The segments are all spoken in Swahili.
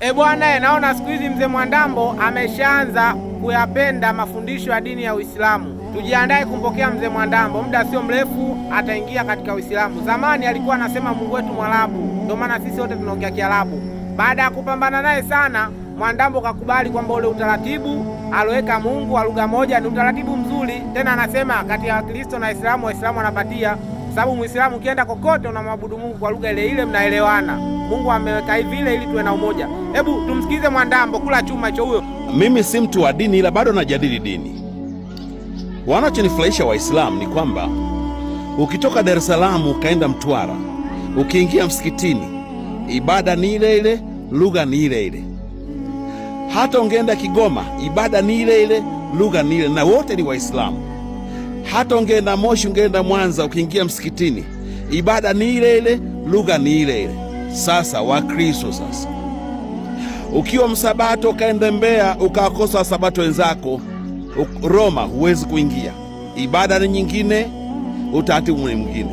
E bwana, naona siku hizi mzee Mwandambo ameshaanza kuyapenda mafundisho ya dini ya Uislamu. Tujiandae kumpokea mzee Mwandambo, muda sio mrefu ataingia katika Uislamu. Zamani alikuwa anasema Mungu wetu Mwarabu, ndio maana sisi wote tunaongea Kiarabu. Baada ya kupambana naye sana, Mwandambo kakubali kwamba ule utaratibu aloweka Mungu wa lugha moja ni utaratibu mzuri, tena anasema kati ya Wakristo na Waislamu, Waislamu wanapatia sababu Muislamu ukienda kokote unamwabudu Mungu kwa lugha ile ile, mnaelewana. Mungu ameweka hivi ile ili tuwe na umoja. Hebu tumsikize Mwandambo kula chuma cho huyo. Mimi si mtu wa dini, ila bado najadili dini. Wanachonifurahisha Waislamu ni kwamba ukitoka Dar es Salaam ukaenda Mtwara, ukiingia msikitini, ibada ni ile ile, lugha ni ile ile. Hata ungeenda Kigoma, ibada ni ile ile, lugha ni ile, na wote ni Waislamu. Hata ungeenda Moshi, ungeenda Mwanza, ukiingia msikitini ibada ni ile ile, lugha ni ile ile. Sasa Wakristo, sasa ukiwa msabato ukaenda Mbeya ukawakosa wasabato wenzako Roma, huwezi kuingia, ibada ni nyingine, utaratibu ni mwingine.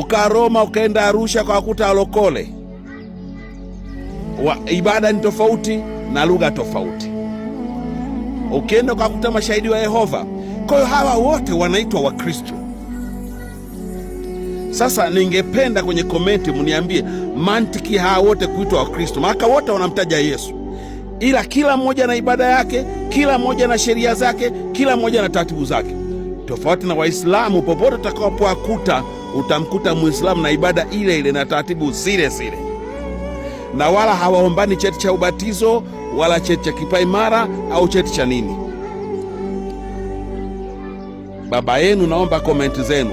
Ukaa Roma ukaenda Arusha kuta walokole wa, ibada ni tofauti na lugha tofauti. Ukienda kuta mashahidi wa Yehova kwa hiyo hawa wote wanaitwa Wakristo. Sasa ningependa kwenye komenti mniambie mantiki hawa wote kuitwa Wakristo, maana wote wanamtaja Yesu, ila kila mmoja na ibada yake, kila mmoja na sheria zake, kila mmoja na taratibu zake, tofauti na Waislamu. Popote utakapowakuta utamkuta Mwislamu na ibada ile ile na taratibu zile zile, na wala hawaombani cheti cha ubatizo wala cheti cha kipaimara au cheti cha nini baba yenu. Naomba komenti zenu.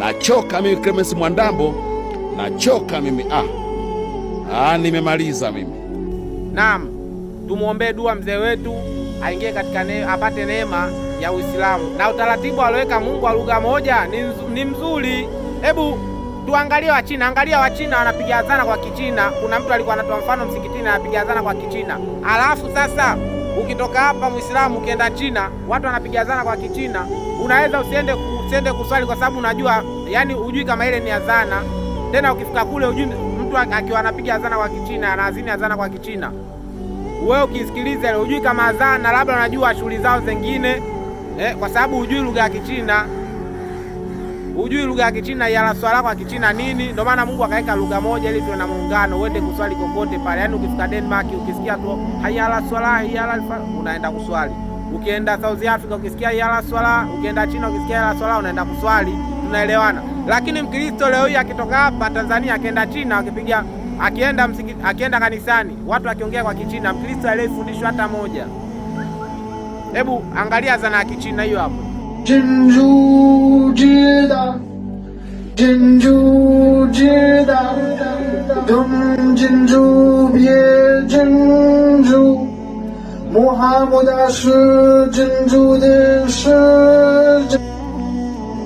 Nachoka mimi Clemens Mwandambo, nachoka mimi ah. Ah, nimemaliza mimi. Naam, tumwombee dua mzee wetu aingie katika ne, apate neema ya Uislamu na utaratibu aloweka Mungu wa lugha moja ni, ni mzuri. Hebu tuangalie Wachina, angalia Wachina wanapigazana kwa Kichina. Kuna mtu alikuwa anatoa mfano msikitini, anapigazana kwa Kichina alafu sasa Ukitoka hapa Muislamu ukienda China, watu zana kwa Kichina, unaweza usiende usiende kuswali kwa sababu unajua, yani hujui kama ile ni adhana. Tena ukifika kule hujui mtu akiwa anapiga adhana kwa Kichina, anaazini adhana kwa Kichina, wewe ukisikiliza hujui kama adhana, labda unajua shughuli zao zingine eh, kwa sababu hujui lugha ya Kichina hujui lugha ya Kichina ya swala kwa Kichina nini. Ndio maana Mungu akaweka lugha moja ili tuwe na muungano, uende kuswali kokote pale. Yaani ukifika Denmark ukisikia tu hayala swala hayala, unaenda kuswali. Ukienda South Africa ukisikia hayala swala, ukienda China ukisikia hayala swala, unaenda kuswali. Tunaelewana. Lakini Mkristo leo hii akitoka hapa Tanzania akienda China akipiga akienda msiki, akienda kanisani watu akiongea kwa Kichina, Mkristo aliyefundishwa hata moja. Hebu angalia zana ya Kichina hiyo hapo. 珍珠知道，珍珠知道，懂珍珠别珍珠，穆罕默德是珍珠的使者，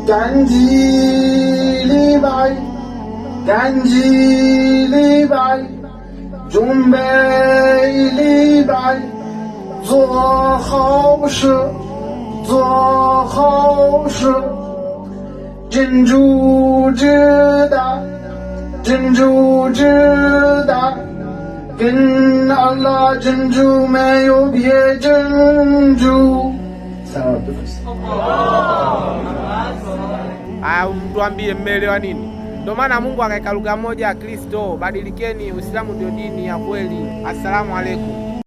感激礼拜，感激礼拜，准备礼拜，做好事。做后事。珍珠之大，珍珠之大，跟阿拉珍珠没有别珍珠。Sawa, ah, tuambie mmeelewa nini? Ndio maana Mungu akaweka lugha moja ya Kristo. Badilikeni, Uislamu ndio dini ya kweli. Assalamu alaikum.